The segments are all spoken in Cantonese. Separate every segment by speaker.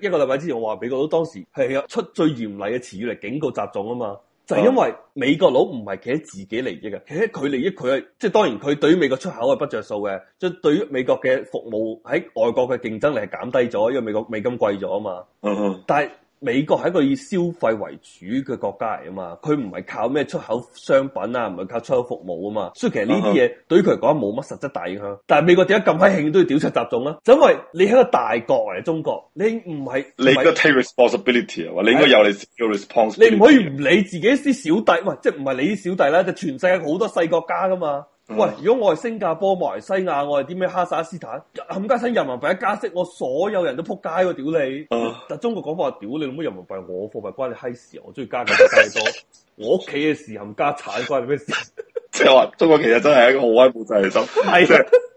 Speaker 1: 一個禮拜之前我話美國佬當時係出最嚴厲嘅詞語嚟警告習總啊嘛，就係、是，因為美國佬唔係企喺自己利益嘅，企喺佢利益，佢係即係當然佢對於美國出口係不着數嘅，即係對於美國嘅服務喺外國嘅競爭力係減低咗，因為美國美金貴咗啊嘛，啊嗯、但係。美國係一個以消費為主嘅國家嚟啊嘛，佢唔係靠咩出口商品啊，唔係靠出口服務啊嘛，所以其實呢啲嘢對佢嚟講冇乜實質大影響。但係美國點解咁閪興都要屌出雜種咧？就是，因為你係一個大國嚟、啊，中國你唔係你應該 take
Speaker 2: responsibility 啊的，你應該有你自己嘅 responsibility，你唔可以唔
Speaker 1: 理自己啲小弟，喂，即係唔係你啲小弟啦，就是，全世界好多細國家噶嘛。喂，如果我係新加坡、馬來西亞，我係啲咩哈薩斯坦，冚家產人民幣加息，我所有人都撲街喎！屌你， 但中國講法話屌你，冇人民幣，我貨幣關你閪事，我中意加就加多， 我屋企嘅事冚家產關你咩事？即
Speaker 2: 係話中國其實真係一個好威武仔嚟，真係 的。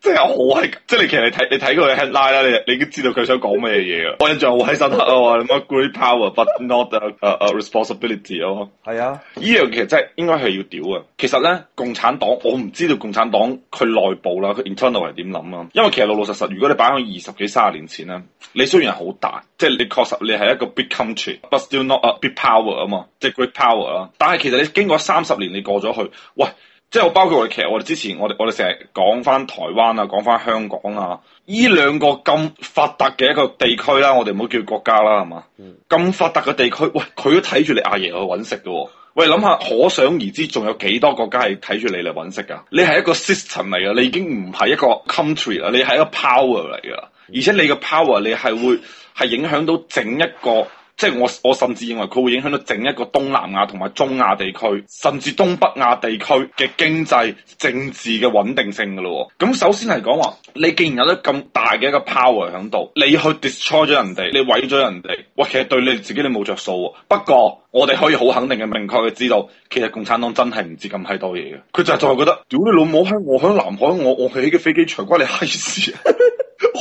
Speaker 2: 即係我好係，即係你其實你睇你睇佢 headline 啦，你 line, 你，你已經知道佢想講咩嘢啊！我印象好喺深刻啊！你媽 great power but not a, a, a responsibility 咯。係啊，呢樣其實真係應該係要屌啊！其實咧，共產黨我唔知道共產黨佢內部啦，佢 internal 係點諗啊？因為其實老老實實，如果你擺喺二十幾三十年前咧，你雖然係好大，即係你確實你係一個 big country，but still not a big power 啊嘛，即係 great power 啊。但係其實你經過三十年你過咗去，喂。即係我包括我哋，其實我哋之前我，我哋我哋成日講翻台灣啊，講翻香港啊，依兩個咁發達嘅一個地區啦、啊，我哋唔好叫國家啦、啊，係嘛？咁、嗯、發達嘅地區，喂，佢都睇住你阿爺去揾食噶喎。喂，諗下的可想而知，仲有幾多國家係睇住你嚟揾食噶？你係一個 system 嚟噶，你已經唔係一個 country 啦，你係一個 power 嚟噶啦，而且你嘅 power 你係會係影響到整一個。即係我我甚至認為佢會影響到整一個東南亞同埋中亞地區，甚至東北亞地區嘅經濟、政治嘅穩定性㗎咯。咁、嗯嗯、首先係講話，你既然有得咁大嘅一個 power 喺度，你去 destroy 咗人哋，你毀咗人哋，哇！其實對你自己你冇着數喎。不過我哋可以好肯定嘅、明確嘅知道，其實共產黨真係唔知咁閪多嘢嘅，佢就就係覺得屌你老母，喺我喺南海，我我起嘅飛機除關你閪事。 」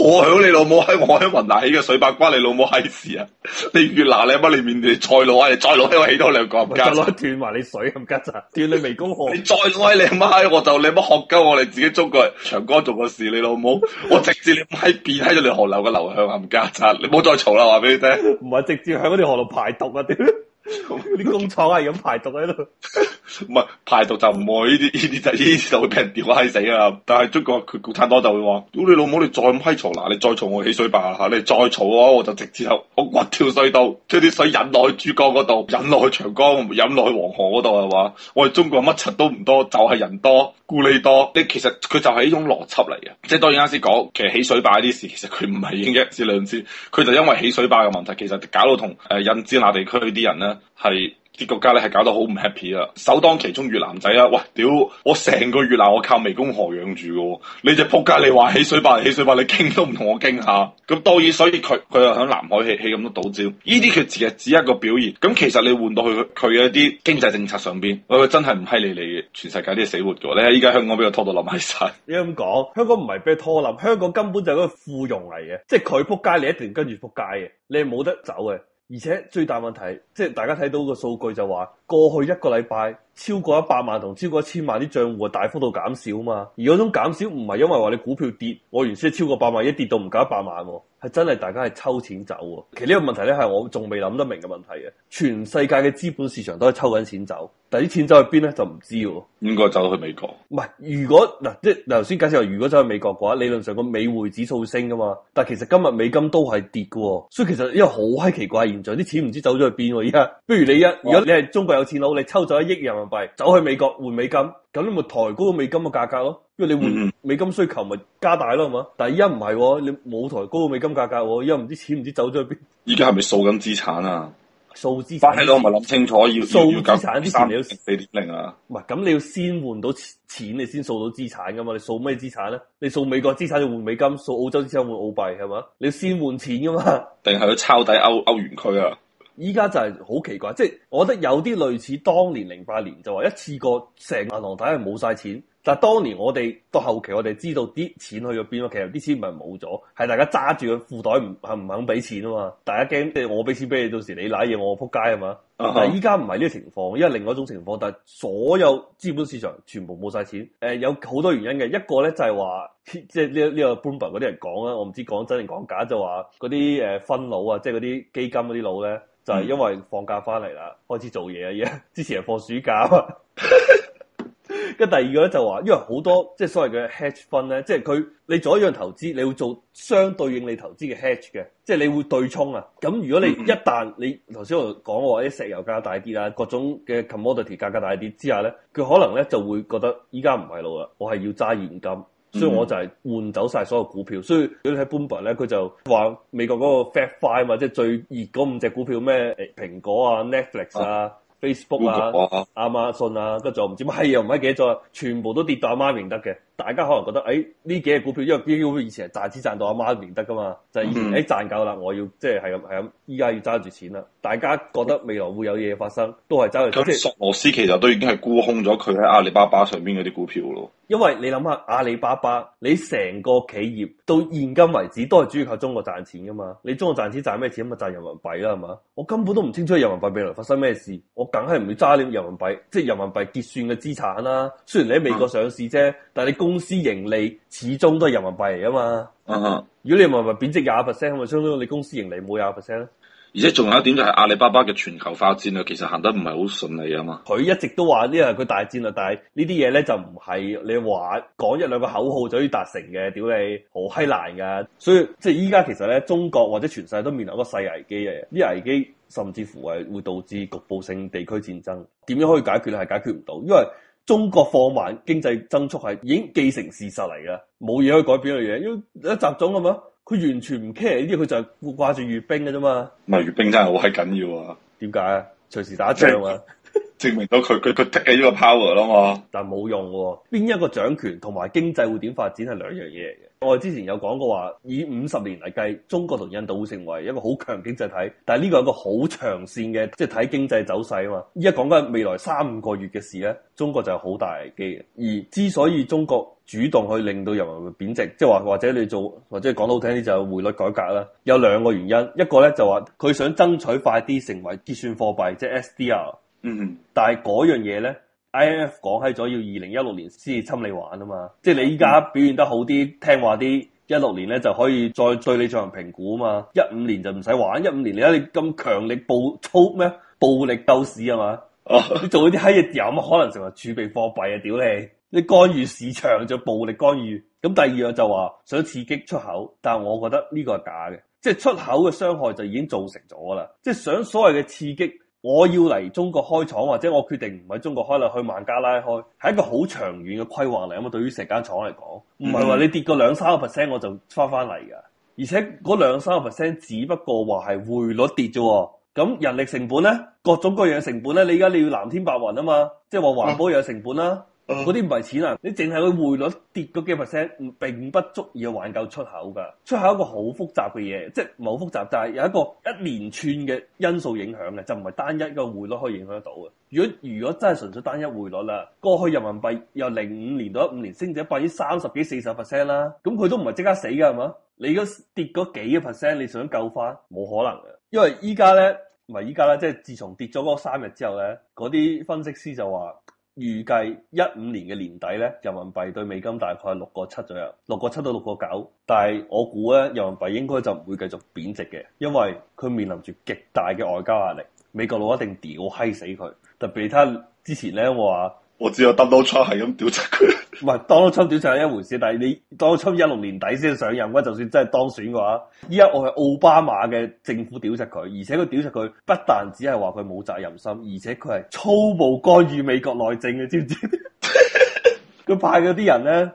Speaker 2: 我響你老母喺我喺雲南起個水壩關你老母閪事啊！你越南，你媽你面地再攞啊！再攞喺我，我起多兩架唔得，再攞
Speaker 1: 斷埋你水咁架咋？斷你湄公河！你
Speaker 2: 再攞喺你媽閪，我就你乜學鳩我哋自己中國長江做個事，你老母我直接你媽變喺咗你河流嘅流向咁架咋？你唔好再嘈啦，話俾你聽。
Speaker 1: 唔係直接響嗰條河流排毒啊！屌，啲 工廠係咁排毒喺、啊、度。
Speaker 2: 唔係排毒就唔會呢啲呢啲就呢啲就會俾人屌閪死啊！但係中國佢共產黨就會話：，如 果你老母你再唔批嘈，嗱你再嘈我起水壩，吓你再嘈嘅話，我就直接就我掘跳水道，將啲水引落去珠江嗰度，引落去長江，引落去黃河嗰度係嘛？我哋中國乜柒都唔多，就係、是、人多，故利多。你其實佢就係呢種邏輯嚟嘅，即係當然啱先講，其實起水壩啲事其實佢唔係嘅，一次兩次。佢就因為起水壩嘅問題，其實搞到同誒印支那地區啲人咧係。啲國家咧係搞得好唔 happy 啊，首當其衝越南仔啊！喂，屌我成個越南我靠湄公河養住嘅喎，你隻撲街你話起水壩起水壩，你傾都唔同我傾下，咁當然所以佢佢又喺南海起起咁多島礁，呢啲佢只係只一個表現，咁其實你換到佢佢嘅一啲經濟政策上邊，喂佢真係唔閪理你嘅，全世界啲係死活嘅，你喺依家香港俾我拖到冧埋晒！你
Speaker 1: 咁講香港唔係俾我拖冧，香港根本就係嗰個附庸嚟嘅，即係佢撲街，你一定跟住撲街嘅，你冇得走嘅。而且最大問題即係大家睇到個數據就話。過去一個禮拜超過一百萬同超過一千萬啲賬戶啊大幅度減少啊嘛，而嗰種減少唔係因為話你股票跌，我原先超過百萬，一跌到唔夠一百萬，啊，係真係大家係抽錢走。其實呢個問題咧係我仲未諗得明嘅問題啊！全世界嘅資本市場都係抽緊錢走，但啲錢走去邊咧就唔知。應該走去美國。唔係，如果嗱即係頭先解釋話，如果走去美國嘅話，理論上個美匯指數升噶嘛，但其實今日美金都係跌嘅，所以其實因為好閪奇怪現象，啲錢唔知走咗去邊。而家，不如你一，如果你係中國有錢佬你抽走一億人民幣，走去美國換美金，咁你咪抬高個美金嘅價格咯，因為你換美金需求咪加大咯，係嘛？但係依家唔係，你冇抬高個美金價格，因為唔知錢唔知走咗去邊。而家係咪
Speaker 2: 掃緊資產啊？
Speaker 1: 掃資產，但係我唔係
Speaker 2: 諗清楚要掃資產啲錢有四點零
Speaker 1: 啊？唔係，咁你要先換到錢，你先掃到資產噶嘛？你掃咩資產咧？你掃美國資產要換美金，掃澳洲資產換澳幣係嘛？你先換錢噶嘛？定
Speaker 2: 係去抄底歐歐
Speaker 1: 元區啊？依家就係好奇怪，即係我覺得有啲類似當年零八年，就話一次過成銀行體系冇晒錢。但係當年我哋到後期，我哋知道啲錢去咗邊咯。其實啲錢唔係冇咗，係大家揸住個褲袋唔肯唔肯俾錢啊嘛。大家驚，即係我俾錢俾你，到時你賴嘢，我撲街啊嘛。但係依家唔係呢個情況，因為另外一種情況，但係所有資本市場全部冇晒錢。誒、呃，有好多原因嘅，一個咧就係話，即係呢呢個 Bloomberg 嗰啲人講啦，我唔知講真定講假，就話嗰啲誒分佬啊，即係嗰啲基金嗰啲佬咧。就係因為放假翻嚟啦，開始做嘢啊！而家之前係放暑假啊，跟第二個咧就話、是，因為好多即係所謂嘅 hedge 分咧，即係佢你做一樣投資，你會做相對應你投資嘅 hedge 嘅，即係你會對沖啊。咁如果你一旦你頭先我講話啲石油價大啲啦，各種嘅 commodity 價格大啲之下咧，佢可能咧就會覺得依家唔係路啦，我係要揸現金。Mm hmm. 所以我就係換走曬所有股票，所以如果你睇 Bloomberg 咧，佢就話美國嗰個 fat five 嘛，即係最熱嗰五隻股票咩蘋果啊、Netflix 啊、啊 Facebook 啊、亞馬遜啊，跟住、啊、我唔知道，哎、啊、又唔知幾多，全部都跌到阿媽明得嘅。大家可能覺得誒呢、哎、幾隻股票，因為 B U 以前賺錢賺到阿媽都唔認得噶嘛，就係誒賺夠啦，我要即係係咁，依、就、家、是、要揸住錢啦。大家覺得未來會有嘢發生，都係揸住錢。即佢實、就是、索羅斯其實都已經係沽
Speaker 2: 空咗佢喺阿里巴巴上邊嗰啲股票咯。
Speaker 1: 因為你諗下阿里巴巴，你成個企業到現今為止都係主要靠中國賺錢噶嘛，你中國賺錢賺咩錢？咁咪賺人民幣啦，係嘛？我根本都唔清楚人民幣未來發生咩事，我梗係唔會揸啲人民幣，即係人民幣結算嘅資產啦。雖然你喺美國上市啫，但係你公司盈利始終都係人民幣嚟啊嘛，uh huh. 如果你人民幣貶值廿 percent，咪相當你公司盈利冇廿 percent 咧。而且仲有一
Speaker 2: 點就係阿里巴巴嘅全球化戰略其實行得唔係好順利啊嘛。
Speaker 1: 佢一直都話呢個係佢大戰略，但係呢啲嘢咧就唔係你話講一兩個口號就可以達成嘅，屌你，好閪難噶。所以即係依家其實咧，中國或者全世界都面臨一個世危機啊！呢危機甚至乎係會導致局部性地區戰爭，點樣可以解決咧？係解決唔到，因為。中國放慢經濟增速，係已經既成事實嚟㗎，冇嘢可以改變嘅嘢。因為集中咁嘛，佢完全唔 care 呢啲，佢就掛住閲兵㗎啫嘛。唔係閲
Speaker 2: 兵真係好閪緊要啊！點解啊？隨時打仗啊！ 證明到佢佢佢 take 起呢個 power 咯嘛，
Speaker 1: 但係冇用喎。邊一個掌權同埋經濟會點發展係兩樣嘢嚟嘅。我之前有講過話，以五十年嚟計，中國同印度會成為一個好強經濟體，但係呢個係一個好長線嘅，即係睇經濟走勢啊嘛。依家講緊未來三五個月嘅事咧，中國就有好大危機嘅。而之所以中國主動去令到人民幣貶值，即係話或者你做或者講得好聽啲就係匯率改革啦，有兩個原因，一個咧就話佢想爭取快啲成為結算貨幣，即係 SDR。嗯，但係嗰樣嘢呢 IMF 講起咗要二零一六年先至侵你玩啊嘛，即係你依家表現得好啲聽話啲，一六年呢就可以再對你進行評估啊嘛，一五年就唔使玩，一五年你睇你咁強力暴操咩？暴力鬥士啊嘛， 你做嗰啲閪嘢，有乜可能成為儲備貨幣啊？屌你，你干預市場就暴力干預，咁第二樣就話想刺激出口，但係我覺得呢個係假嘅，即係出口嘅傷害就已經造成咗啦，即係想所謂嘅刺激。我要嚟中國開廠，或者我決定唔喺中國開啦，去孟加拉開，係一個好長遠嘅規劃嚟。咁啊，對於成間廠嚟講，唔係話你跌個兩三個 percent 我就翻翻嚟噶，而且嗰兩三個 percent 只不過話係匯率跌啫。咁人力成本咧，各種各樣嘅成本咧，你而家你要藍天白雲啊嘛，即係話環保有成本啦。嗰啲唔係錢啊！你淨係個匯率跌個幾 percent，唔並不足以挽救出口㗎。出口一個好複雜嘅嘢，即係唔係好複雜，但係有一個一連串嘅因素影響嘅，就唔係單一一個匯率可以影響得到嘅。如果如果真係純粹單一匯率啦，過去人民幣由零五年到一五年升咗百分之三十幾四十 percent 啦，咁佢都唔係即刻死㗎，係嘛？你而家跌嗰幾 percent，你想救翻冇可能嘅，因為依家咧唔係依家啦，即係自從跌咗嗰三日之後咧，嗰啲分析師就話。預計一五年嘅年底咧，人民幣對美金大概係六個七左右，六個七到六個九。但係我估咧，人民幣應該就唔會繼續貶值嘅，因為佢面臨住極大嘅外交壓力，美國佬一定屌閪死佢。特別睇之前咧話，我，我只有 Donald Trump 出係咁屌柒佢。唔係當初短暫係一回事，但係你當初一六年底先上任嘅話，就算真係當選嘅話，依家我係奧巴馬嘅政府屌實佢，而且佢屌實佢，不但只係話佢冇責任心，而且佢係粗暴干預美國內政嘅，知唔知？佢 派嗰啲人呢。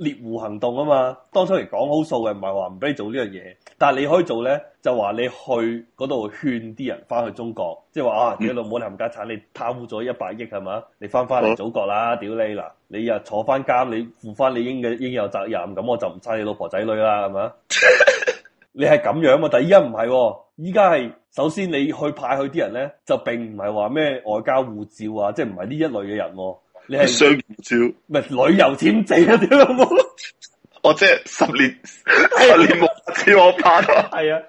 Speaker 1: 獵狐行動啊嘛，當初嚟講好數嘅，唔係話唔俾你做呢樣嘢，但係你可以做咧，就話你去嗰度勸啲人翻去中國，即係話啊，你老母冚家產，你貪污咗一百億係嘛，你翻翻嚟祖國啦，屌你啦，你又坐翻監，你負翻你應嘅應有責任，咁我就唔差你老婆仔女啦，係嘛？ 你係咁樣嘛，啊？但係依家唔係，依家係首先你去派去啲人咧，就並唔係話咩外交護照啊，即係唔係呢一類嘅人，啊。你上照唔係旅遊簽證嗰啲咯？ 我即係十年，十年冇次我拍咯，係啊。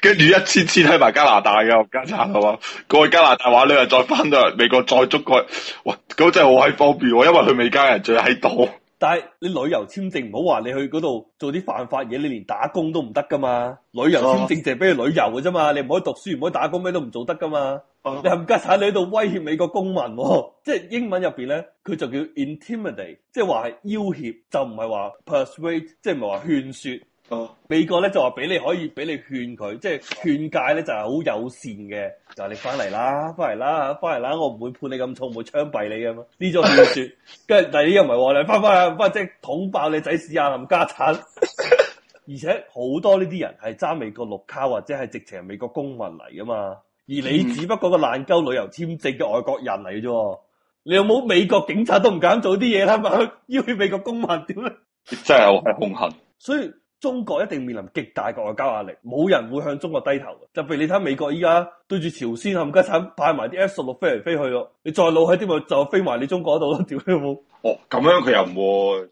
Speaker 1: 跟
Speaker 2: 住一千千喺埋加拿大嘅，唔加查係嘛？ 過去加拿大玩咧，兩日再翻到嚟美國，再捉過去。咁真係好喺方便，因為佢美加人仲喺度。
Speaker 1: 但係你旅遊簽證唔好話你去嗰度做啲犯法嘢，你連打工都唔得噶嘛？旅遊簽、啊、證淨係俾你旅遊嘅啫嘛，你唔可以讀書，唔可以打工，咩都唔做得噶嘛。Uh oh. 你冚家產你喺度威脅美國公民、啊，即係英文入邊咧，佢就叫 intimidate，即係話係要挾，就唔係話 persuade，即係唔係話勸說。美國咧就話俾你，可以俾你勸佢，即係勸誡咧就係好友善嘅，就話你翻嚟啦，翻嚟啦，翻嚟啦，我唔會判你咁重，唔會槍斃你噶嘛。呢種勸說，跟住但係你又唔係話你翻翻啊，翻即係捅爆你仔史亞林家產， 而且好多呢啲人係揸美國綠卡或者係直情係美國公民嚟噶嘛，而你只不過個爛鳩旅遊簽證嘅外國人嚟嘅啫，你有冇美國警察都唔敢做啲嘢啦，嘛，要去美國公民點咧？真係好係兇狠，所以。中國一定面臨極大嘅外交壓力，冇人會向中國低頭嘅。就譬如你睇美國依家對住朝鮮冚家鏟派埋啲 F-16 飛嚟飛去咯，你再老喺啲咪就飛埋你中國度咯，屌你老母！
Speaker 2: 哦，咁樣佢又唔會。